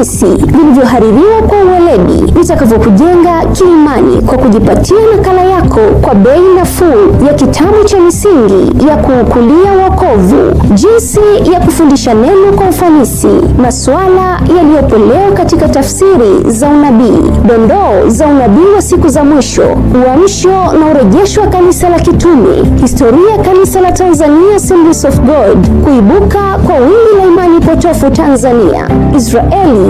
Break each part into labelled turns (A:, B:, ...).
A: halisi vilivyohaririwa kwa uweledi vitakavyokujenga kiimani kwa kujipatia nakala yako kwa bei nafuu ya kitabu cha Misingi ya Kuukulia Wokovu, Jinsi ya Kufundisha Neno kwa Ufanisi, Masuala Yaliyopolewa katika Tafsiri za Unabii, Dondoo za Unabii wa Siku za Mwisho, Uamsho na Urejesho wa Kanisa la Kitume, Historia ya Kanisa la Tanzania Assemblies of God, Kuibuka kwa Wingi la Imani Potofu Tanzania, Israeli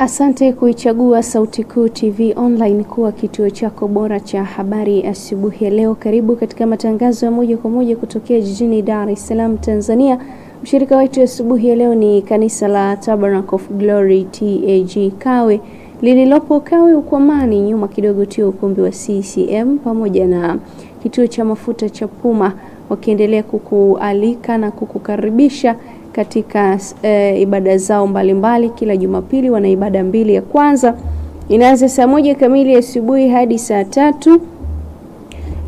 B: Asante kuichagua Sauti Kuu TV Online kuwa kituo chako bora cha habari asubuhi ya leo. Karibu katika matangazo ya moja kwa moja kutokea jijini Dar es Salaam, Tanzania. Mshirika wetu asubuhi ya leo ni kanisa la Tabernacle of Glory TAG Kawe lililopo Kawe Ukwamani, nyuma kidogo tio ukumbi wa CCM pamoja na kituo cha mafuta cha Puma, wakiendelea kukualika na kukukaribisha katika e, ibada zao mbalimbali mbali. Kila Jumapili wana ibada mbili, ya kwanza inaanza saa moja kamili asubuhi hadi saa tatu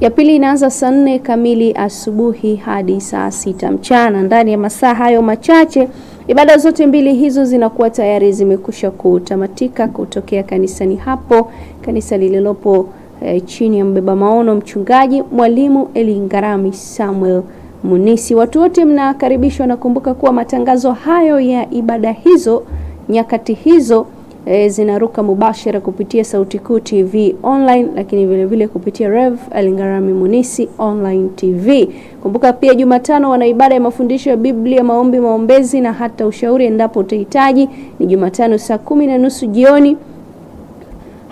B: ya pili inaanza saa nne kamili asubuhi hadi saa sita mchana. Ndani ya masaa hayo machache ibada zote mbili hizo zinakuwa tayari zimekusha kutamatika kutokea kanisani hapo, kanisa lililopo e, chini ya mbeba maono mchungaji mwalimu Elingarami Samuel Munisi. Watu wote mnakaribishwa, nakumbuka kuwa matangazo hayo ya ibada hizo nyakati hizo e, zinaruka mubashara kupitia Sauti Kuu TV online, lakini vilevile vile kupitia Rev Alingarami Munisi online TV. Kumbuka pia Jumatano wana ibada ya mafundisho ya Biblia, maombi, maombezi na hata ushauri endapo utahitaji. Ni Jumatano saa kumi na nusu jioni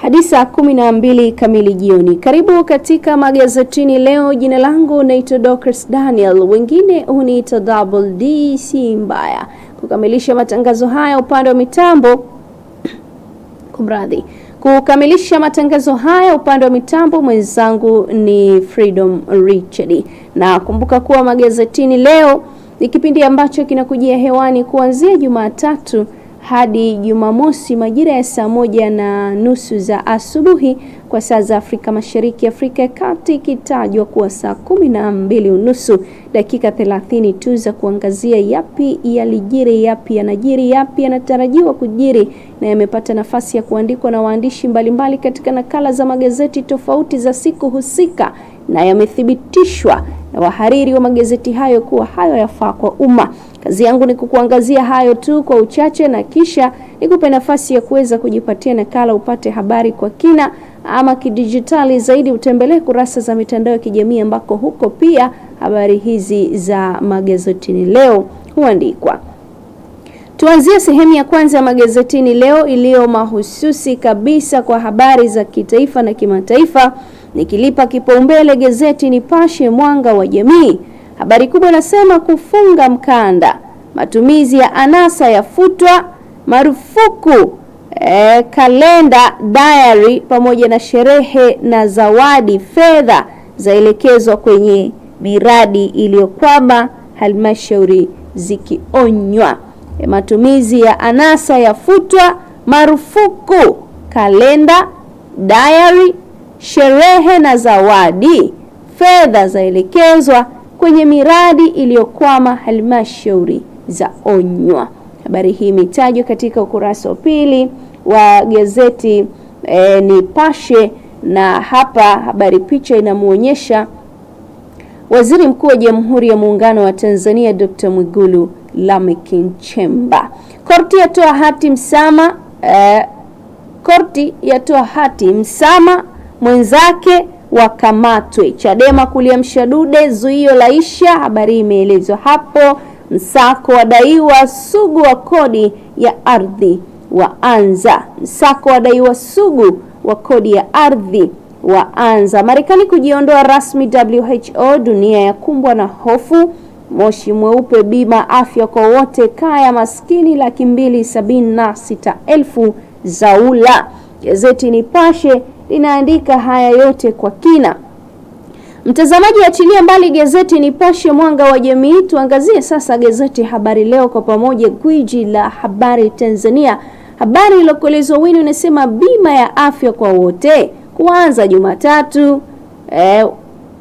B: hadi saa kumi na mbili kamili jioni. Karibu katika magazetini leo. Jina langu naitwa Dorcas Daniel, wengine huniita Double D, si mbaya. Kukamilisha matangazo haya upande wa mitambo, kumradhi kukamilisha matangazo haya upande wa mitambo mwenzangu ni Freedom Richard, na kumbuka kuwa magazetini leo ni kipindi ambacho kinakujia hewani kuanzia Jumatatu hadi Jumamosi majira ya saa moja na nusu za asubuhi kwa saa za Afrika Mashariki, Afrika ya Kati ikitajwa kuwa saa kumi na mbili unusu, dakika 30 tu za kuangazia yapi yalijiri, yapi yanajiri, yapi yanatarajiwa kujiri na yamepata nafasi ya kuandikwa na waandishi mbalimbali katika nakala za magazeti tofauti za siku husika na yamethibitishwa na wahariri wa magazeti hayo kuwa hayo yafaa kwa umma. Kazi yangu ni kukuangazia hayo tu kwa uchache, na kisha nikupe nafasi ya kuweza kujipatia nakala, upate habari kwa kina ama kidijitali zaidi, utembelee kurasa za mitandao ya kijamii ambako huko pia habari hizi za magazetini leo huandikwa. Tuanzie sehemu ya kwanza ya magazetini leo iliyo mahususi kabisa kwa habari za kitaifa na kimataifa nikilipa kipaumbele gazeti Nipashe Mwanga wa Jamii, habari kubwa nasema kufunga mkanda, matumizi ya anasa yafutwa, marufuku e, kalenda diary pamoja na sherehe na zawadi, fedha zaelekezwa kwenye miradi iliyokwama, halmashauri zikionywa. E, matumizi ya anasa yafutwa, marufuku kalenda diary sherehe na zawadi, fedha zaelekezwa kwenye miradi iliyokwama, halmashauri za onywa. Habari hii imetajwa katika ukurasa wa pili wa gazeti e, Nipashe na hapa habari picha inamwonyesha Waziri Mkuu wa Jamhuri ya Muungano wa Tanzania Dr. Mwigulu Lameck Nchemba. Korti yatoa hati msama eh, korti yatoa hati msama mwenzake wakamatwe. Chadema kuliamsha dude zuio la isha, habari imeelezwa hapo. Msako wadaiwa sugu wa kodi ya ardhi waanza. Msako wadaiwa sugu wa kodi ya ardhi waanza. Marekani kujiondoa rasmi WHO, dunia ya kumbwa na hofu. Moshi mweupe, bima afya kwa wote, kaya maskini laki mbili sabini na sita elfu zaula. Gazeti Nipashe linaandika haya yote kwa kina. Mtazamaji, achilia mbali gazeti Nipashe mwanga wa jamii, tuangazie sasa gazeti Habari Leo kwa pamoja, gwiji la habari Tanzania. Habari iliyokolezwa wino inasema bima ya afya kwa wote kuanza Jumatatu. Eh,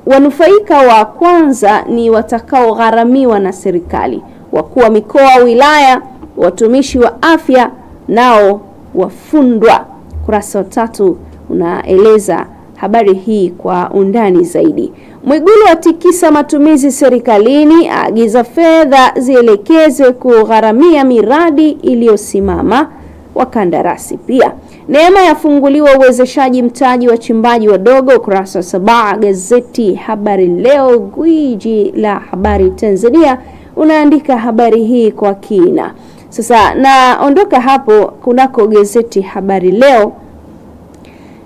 B: wanufaika wa kwanza ni watakaogharamiwa na serikali. Wakuu wa mikoa, wilaya, watumishi wa afya nao wafundwa. Kurasa wa tatu unaeleza habari hii kwa undani zaidi. Mwigulu atikisa matumizi serikalini, aagiza fedha zielekezwe kugharamia miradi iliyosimama wakandarasi. Pia Neema yafunguliwa uwezeshaji mtaji wachimbaji wadogo, ukurasa wa saba. Gazeti Habari Leo, gwiji la habari Tanzania, unaandika habari hii kwa kina. Sasa naondoka hapo kunako gazeti Habari Leo.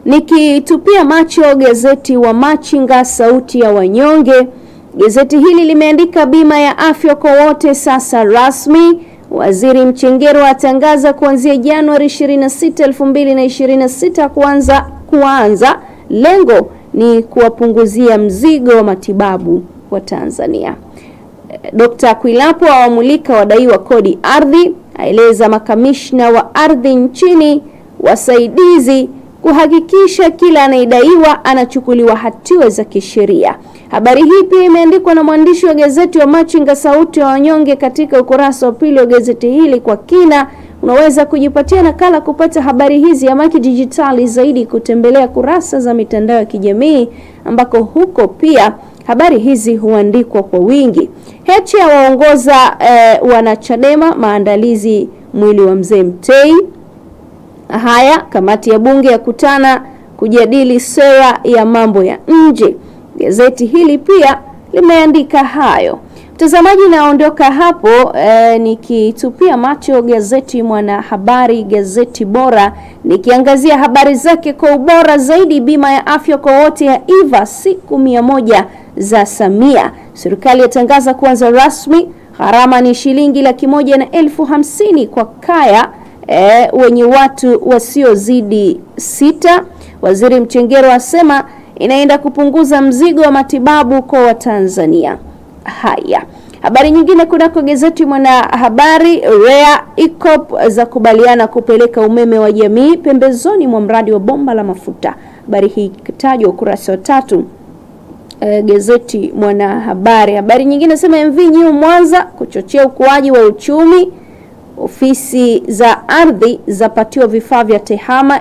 B: Nikitupia macho gazeti wa Machinga sauti ya wanyonge, gazeti hili limeandika bima ya afya kwa wote sasa rasmi. Waziri mchengero atangaza kuanzia Januari 26, 2026 kuanza kuanza. Lengo ni kuwapunguzia mzigo wa matibabu wa Tanzania. Dkt. Kwilapo awamulika wadai wa kodi ardhi, aeleza makamishna wa ardhi nchini wasaidizi kuhakikisha kila anayedaiwa anachukuliwa hatua za kisheria. Habari hii pia imeandikwa na mwandishi wa gazeti wa Machinga Sauti ya wa Wanyonge katika ukurasa wa pili wa gazeti hili kwa kina. Unaweza kujipatia nakala kupata habari hizi Maki Dijitali zaidi kutembelea kurasa za mitandao ya kijamii ambako huko pia habari hizi huandikwa kwa wingi. Heche waongoza eh, wanachadema maandalizi mwili wa mzee Mtei. Haya, kamati ya bunge ya kutana kujadili sera ya mambo ya nje. Gazeti hili pia limeandika hayo. Mtazamaji, naondoka hapo e, nikitupia macho gazeti Mwanahabari, gazeti bora, nikiangazia habari zake kwa ubora zaidi. Bima ya afya kwa wote ya iva siku mia moja za Samia. Serikali yatangaza kuanza rasmi, gharama ni shilingi laki moja na elfu hamsini kwa kaya e, wenye watu wasiozidi sita. Waziri Mchengero asema inaenda kupunguza mzigo wa matibabu kwa Watanzania. Haya, habari nyingine kunako gazeti Mwanahabari, REA za zakubaliana kupeleka umeme wa jamii pembezoni mwa mradi wa bomba la mafuta. Habari hii ikitajwa ukurasa wa tatu eh, gazeti Mwanahabari. Habari nyingine sema MV Nyiu Mwanza kuchochea ukuaji wa uchumi Ofisi za ardhi zapatiwa vifaa vya tehama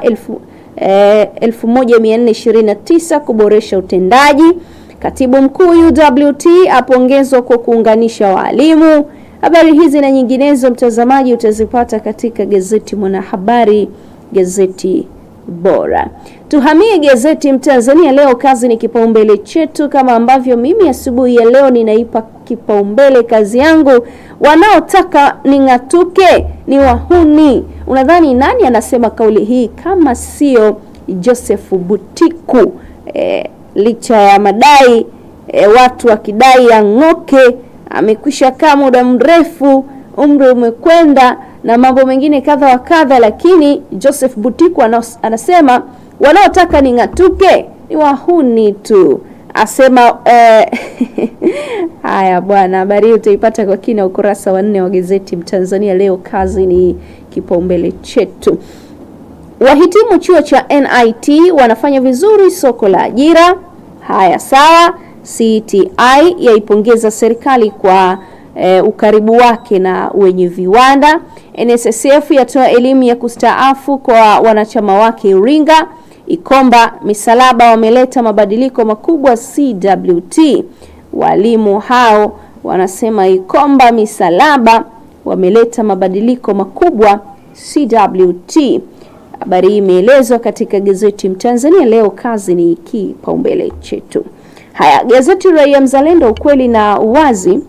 B: 1429 eh, kuboresha utendaji. Katibu mkuu UWT apongezwa kwa kuunganisha waalimu. Habari hizi na nyinginezo, mtazamaji, utazipata katika gazeti Mwanahabari, gazeti bora. Tuhamie gazeti Mtanzania Leo, kazi ni kipaumbele chetu, kama ambavyo mimi asubuhi ya leo ninaipa kipaumbele kazi yangu. Wanaotaka ning'atuke ni wahuni. Unadhani nani anasema kauli hii kama sio Joseph Butiku? E, licha ya madai e, watu wakidai ang'oke, amekwisha kaa muda mrefu, umri umekwenda na mambo mengine kadha wa kadha, lakini Joseph Butiku anasema wanaotaka ning'atuke ni wahuni tu asema eh, haya. bwana, habari hii utaipata kwa kina ukurasa wa nne wa gazeti Mtanzania leo. Kazi ni kipaumbele chetu. Wahitimu chuo cha NIT wanafanya vizuri soko la ajira. Haya, sawa. CTI yaipongeza serikali kwa e, ukaribu wake na wenye viwanda. NSSF yatoa elimu ya kustaafu kwa wanachama wake Iringa. Ikomba Misalaba wameleta mabadiliko makubwa CWT. Walimu hao wanasema Ikomba Misalaba wameleta mabadiliko makubwa CWT. Habari hii imeelezwa katika gazeti Mtanzania leo, kazi ni kipaumbele chetu. Haya, gazeti Raia Mzalendo, ukweli na uwazi,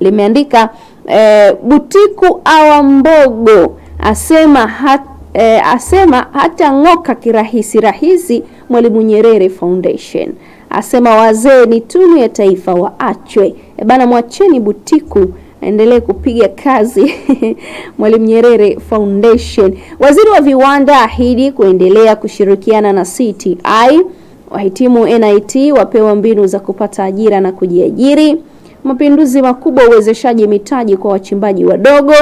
B: limeandika e, Butiku awa Mbogo asema hata e, asema hata ng'oka kirahisi rahisi. Mwalimu Nyerere Foundation asema wazee ni tunu ya taifa, waachwe e bana, mwacheni Butiku endelee kupiga kazi Mwalimu Nyerere Foundation. Waziri wa viwanda ahidi kuendelea kushirikiana na CTI. Wahitimu NIT wapewa mbinu za kupata ajira na kujiajiri. Mapinduzi makubwa uwezeshaji mitaji kwa wachimbaji wadogo.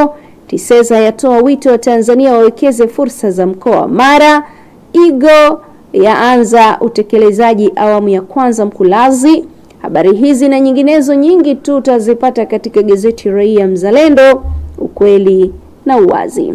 B: TISEZA yatoa wito wa Tanzania wawekeze fursa za mkoa wa Mara. Igo yaanza utekelezaji awamu ya kwanza Mkulazi. Habari hizi na nyinginezo nyingi tu utazipata katika gazeti Raia Mzalendo, ukweli na uwazi.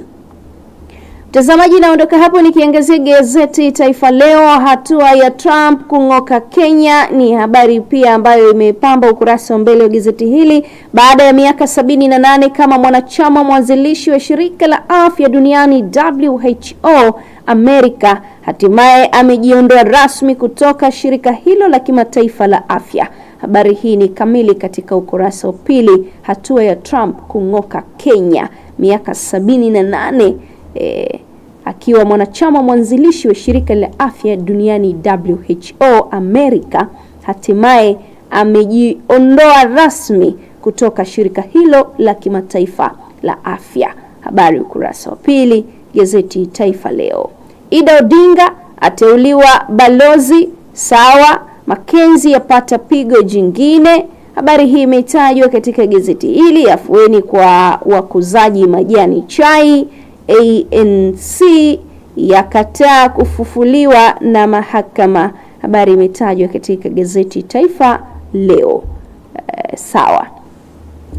B: Mtazamaji, naondoka hapo nikiangazia gazeti Taifa Leo. Hatua ya Trump kung'oka Kenya ni habari pia ambayo imepamba ukurasa wa mbele wa gazeti hili. Baada ya miaka sabini na nane kama mwanachama mwanzilishi wa shirika la afya duniani WHO, Amerika hatimaye amejiondoa rasmi kutoka shirika hilo la kimataifa la afya. Habari hii ni kamili katika ukurasa wa pili. Hatua ya Trump kung'oka Kenya, miaka sabini na nane e, akiwa mwanachama mwanzilishi wa shirika la afya duniani WHO Amerika, hatimaye amejiondoa rasmi kutoka shirika hilo la kimataifa la afya. Habari ukurasa wa pili, gazeti Taifa Leo. Ida Odinga ateuliwa balozi sawa. Makenzi yapata pigo jingine. Habari hii imetajwa katika gazeti hili. Afueni kwa wakuzaji majani chai ANC yakataa kufufuliwa na mahakama. Habari imetajwa katika gazeti Taifa Leo. E, sawa.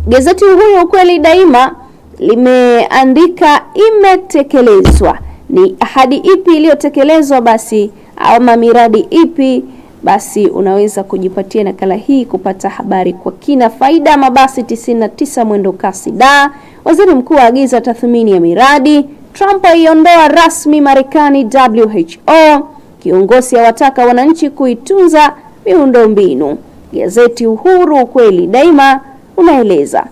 B: Gazeti Uhuru Ukweli Daima limeandika imetekelezwa. Ni ahadi ipi iliyotekelezwa basi, ama miradi ipi basi unaweza kujipatia nakala hii kupata habari kwa kina. Faida mabasi 99 mwendo kasi da. Waziri mkuu aagiza tathmini ya miradi. Trump aiondoa rasmi Marekani WHO. Kiongozi awataka wananchi kuitunza miundombinu. Gazeti Uhuru, ukweli daima, unaeleza.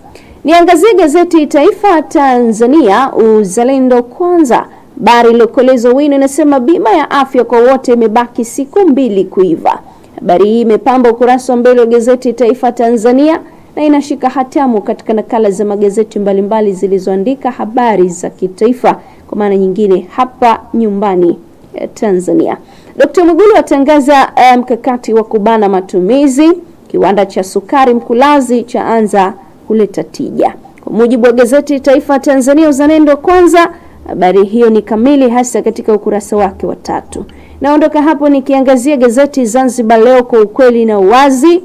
B: Niangazie gazeti Taifa Tanzania, uzalendo kwanza. Habari iliyokolezwa wino inasema bima ya afya kwa wote imebaki siku mbili kuiva. Habari hii imepamba ukurasa wa mbele wa gazeti Taifa Tanzania na inashika hatamu katika nakala za magazeti mbalimbali zilizoandika habari za kitaifa, kwa maana nyingine hapa nyumbani eh, Tanzania. Dkt. Mwigulu atangaza eh, mkakati um, wa kubana matumizi. Kiwanda cha sukari Mkulazi chaanza kuleta tija. Kwa mujibu wa gazeti Taifa Tanzania, uzalendo kwanza Habari hiyo ni kamili hasa katika ukurasa wake wa tatu. Naondoka hapo nikiangazia gazeti Zanzibar Leo kwa ukweli na uwazi.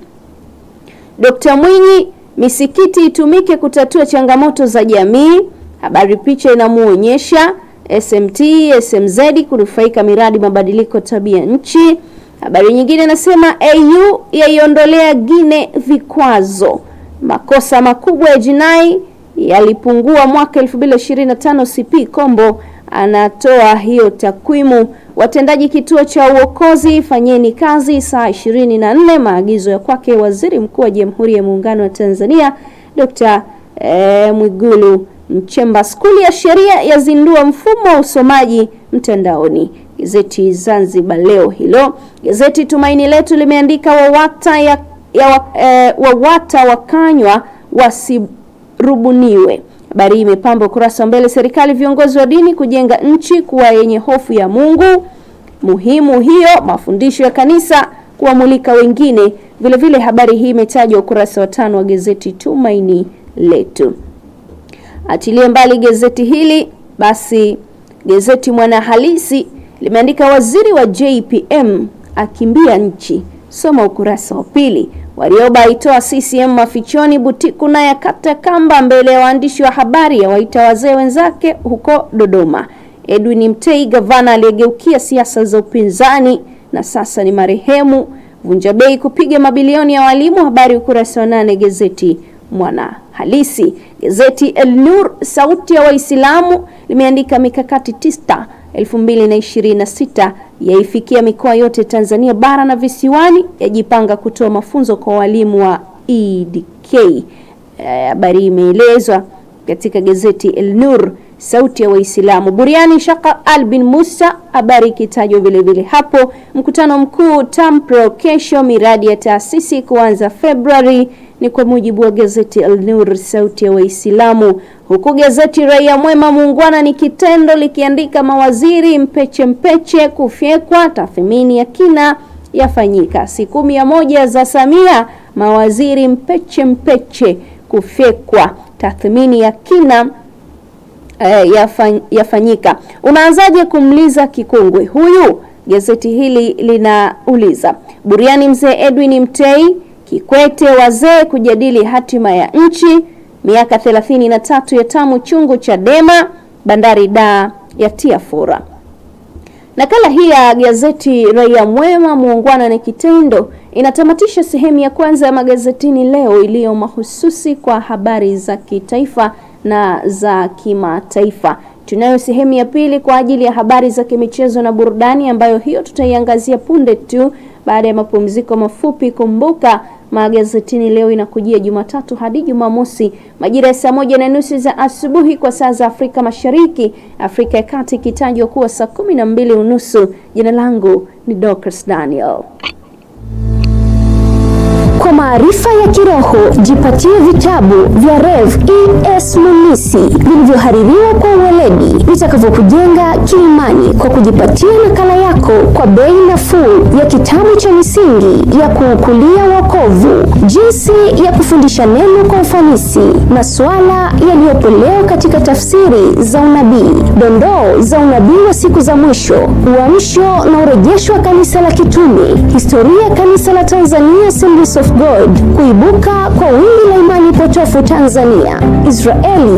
B: Dkt. Mwinyi, misikiti itumike kutatua changamoto za jamii. Habari picha inamuonyesha SMT, SMZ kunufaika miradi mabadiliko tabia nchi. Habari nyingine nasema AU yaiondolea Gine vikwazo. Makosa makubwa ya jinai yalipungua mwaka 2025. CP Kombo anatoa hiyo takwimu. Watendaji kituo cha uokozi, fanyeni kazi saa 24. Maagizo ya kwake Waziri Mkuu wa Jamhuri ya Muungano wa Tanzania Dr. e, eh, Mwigulu Mchemba. Skuli ya sheria yazindua mfumo wa usomaji mtandaoni. Gazeti Zanzibar Leo hilo. Gazeti Tumaini Letu limeandika WAWATA ya, ya, e, WAWATA wakanywa wasi rubuniwe. Habari hii imepamba ukurasa wa mbele. Serikali, viongozi wa dini kujenga nchi kuwa yenye hofu ya Mungu. Muhimu hiyo mafundisho ya kanisa kuwamulika wengine. Vilevile habari hii imetajwa ukurasa wa tano wa gazeti Tumaini Letu. Atilie mbali gazeti hili basi, gazeti mwana halisi limeandika waziri wa JPM akimbia nchi, soma ukurasa wa pili. Warioba aitoa CCM mafichoni Butiku naye akata kamba mbele ya waandishi wa habari ya waita wazee wenzake huko Dodoma. Edwin Mtei gavana aliyegeukia siasa za upinzani na sasa ni marehemu. Vunja bei kupiga mabilioni ya walimu, habari ukurasa wa nane gazeti Mwana Halisi. Gazeti El Nur sauti ya Waislamu limeandika mikakati tista 2026 yaifikia mikoa yote Tanzania bara na visiwani, yajipanga kutoa mafunzo kwa walimu wa EDK. Eh, habari imeelezwa katika gazeti El Nur, sauti ya Waislamu. Buriani Shaka Al bin Musa, habari ikitajwa vile vile hapo. Mkutano mkuu TAMPRO kesho, miradi ya taasisi kuanza Februari ni kwa mujibu wa gazeti Al Nur, sauti ya Waislamu, huku gazeti Raia Mwema muungwana ni kitendo likiandika mawaziri mpeche mpeche kufyekwa, tathmini ya kina yafanyika siku mia moja za Samia, mawaziri mpeche mpeche kufyekwa, tathmini ya kina eh, yafanyika. Unaanzaje kumliza kikungwe huyu? Gazeti hili linauliza. Buriani mzee Edwin Mtei Kikwete, wazee kujadili hatima ya nchi. Miaka 33 ya tamu chungu Chadema, bandari da ya fora. Nakala hii ya gazeti Raia Mwema, muungwana ni kitendo, inatamatisha sehemu ya kwanza ya magazetini leo iliyo mahususi kwa habari za kitaifa na za kimataifa. Tunayo sehemu ya pili kwa ajili ya habari za kimichezo na burudani, ambayo hiyo tutaiangazia punde tu baada ya mapumziko mafupi. Kumbuka magazetini leo inakujia Jumatatu hadi Jumamosi majira ya saa moja na nusu za asubuhi kwa saa za Afrika Mashariki, Afrika ya Kati ikitajwa kuwa saa kumi na mbili unusu. Jina langu ni Dorcas Daniel.
A: Kwa maarifa ya kiroho jipatie vitabu vya Rev E.S halisi vilivyohaririwa kwa uweledi vitakavyokujenga kiimani kwa kujipatia nakala yako kwa bei nafuu ya kitabu cha Misingi ya Kuukulia Wokovu, Jinsi ya Kufundisha Neno kwa Ufanisi, Masuala Yaliyopolewa katika Tafsiri za Unabii, Dondoo za Unabii wa Siku za Mwisho, Uamsho na Urejesho wa Kanisa la Kitume, Historia ya Kanisa la Tanzania of God, Kuibuka kwa Wingi la Imani Potofu Tanzania, Israeli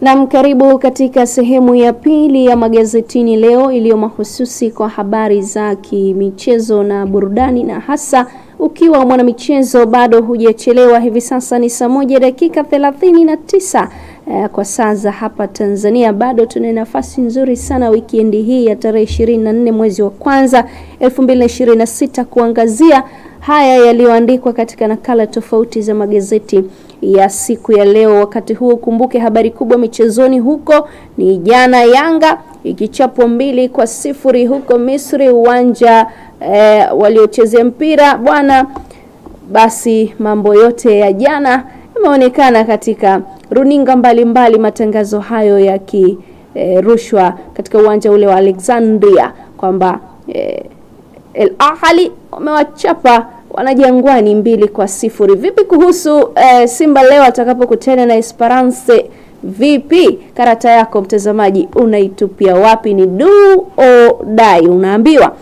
B: Nam, karibu katika sehemu ya pili ya magazetini leo iliyo mahususi kwa habari za kimichezo na burudani, na hasa ukiwa mwanamichezo bado hujachelewa. Hivi sasa ni saa moja dakika thelathini na tisa eh, kwa saa za hapa Tanzania. Bado tuna nafasi nzuri sana wikendi hii ya tarehe 24 mwezi wa kwanza 2026 kuangazia haya yaliyoandikwa katika nakala tofauti za magazeti ya siku ya leo. Wakati huu kumbuke, habari kubwa michezoni huko ni jana, Yanga ikichapwa mbili kwa sifuri huko Misri, uwanja e, waliochezea mpira bwana. Basi mambo yote ya jana yameonekana katika runinga mbalimbali mbali, matangazo hayo yakirushwa eh, e, katika uwanja ule wa Alexandria kwamba e, El Ahly wamewachapa Wanajangwani mbili kwa sifuri. Vipi kuhusu eh, Simba leo atakapokutana na Esperance? Vipi, karata yako mtazamaji unaitupia wapi? Ni do or die, unaambiwa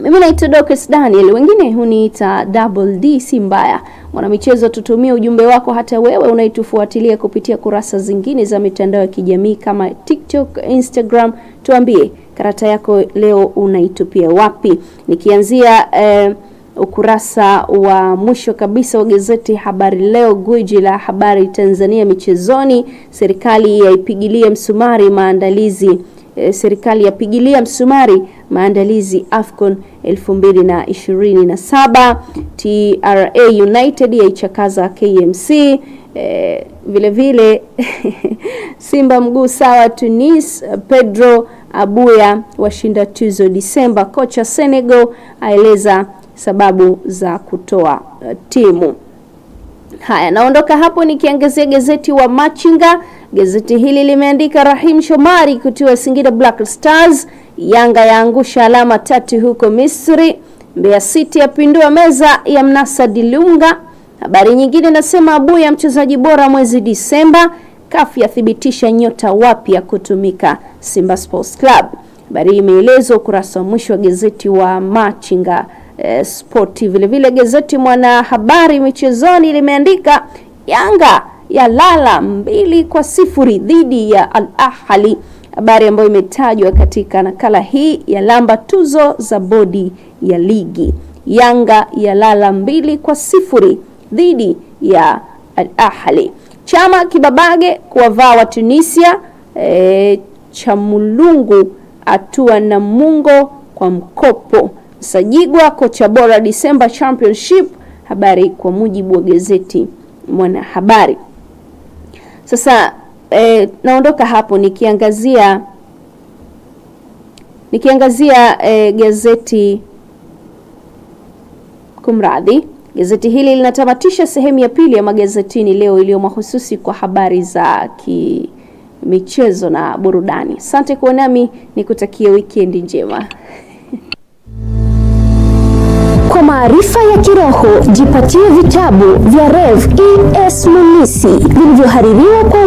B: mimi naitwa Dorcas Daniel, wengine huniita Double D, si mbaya. Mwanamichezo, tutumie ujumbe wako, hata wewe unaitufuatilia kupitia kurasa zingine za mitandao ya kijamii kama TikTok, Instagram. Tuambie karata yako leo unaitupia wapi? Nikianzia eh, ukurasa wa mwisho kabisa wa gazeti Habari Leo, gwiji la habari Tanzania. Michezoni, serikali yaipigilia msumari maandalizi e, serikali yapigilia msumari maandalizi AFCON 2027. TRA United yaichakaza KMC e, eh, vile vile Simba mguu sawa Tunis. Pedro Abuya washinda tuzo Disemba. Kocha Senegal aeleza sababu za kutoa eh, timu. Haya, naondoka hapo nikiangazia gazeti wa Machinga. Gazeti hili limeandika Rahim Shomari kutiwa Singida Black Stars, Yanga yaangusha alama tatu huko Misri, Mbeya City yapindua meza ya Mnasa Dilunga. Habari nyingine nasema Abu ya mchezaji bora mwezi Disemba, CAF yathibitisha nyota wapya kutumika Simba Sports Club. Habari hii imeelezwa ukurasa wa mwisho wa gazeti wa Machinga e, eh, spoti. Vilevile gazeti mwana habari michezoni limeandika Yanga ya lala mbili kwa sifuri dhidi ya Al Ahli, habari ambayo imetajwa katika nakala hii ya lamba tuzo za bodi ya ligi. Yanga ya lala mbili kwa sifuri dhidi ya Al Ahli. Chama kibabage kuwavaa wa Tunisia. E, eh, cha mulungu atua na mungo kwa mkopo Sajigwa kocha bora Disemba Championship. Habari kwa mujibu wa gazeti Mwanahabari. Sasa eh, naondoka hapo nikiangazia nikiangazia eh, gazeti kumradhi, gazeti hili linatamatisha sehemu ya pili ya magazetini leo iliyo mahususi kwa habari za ki michezo na burudani. Asante kuwa nami, nikutakia wikendi njema
A: maarifa ya kiroho jipatie vitabu vya Rev E S Munisi vilivyohaririwa kwa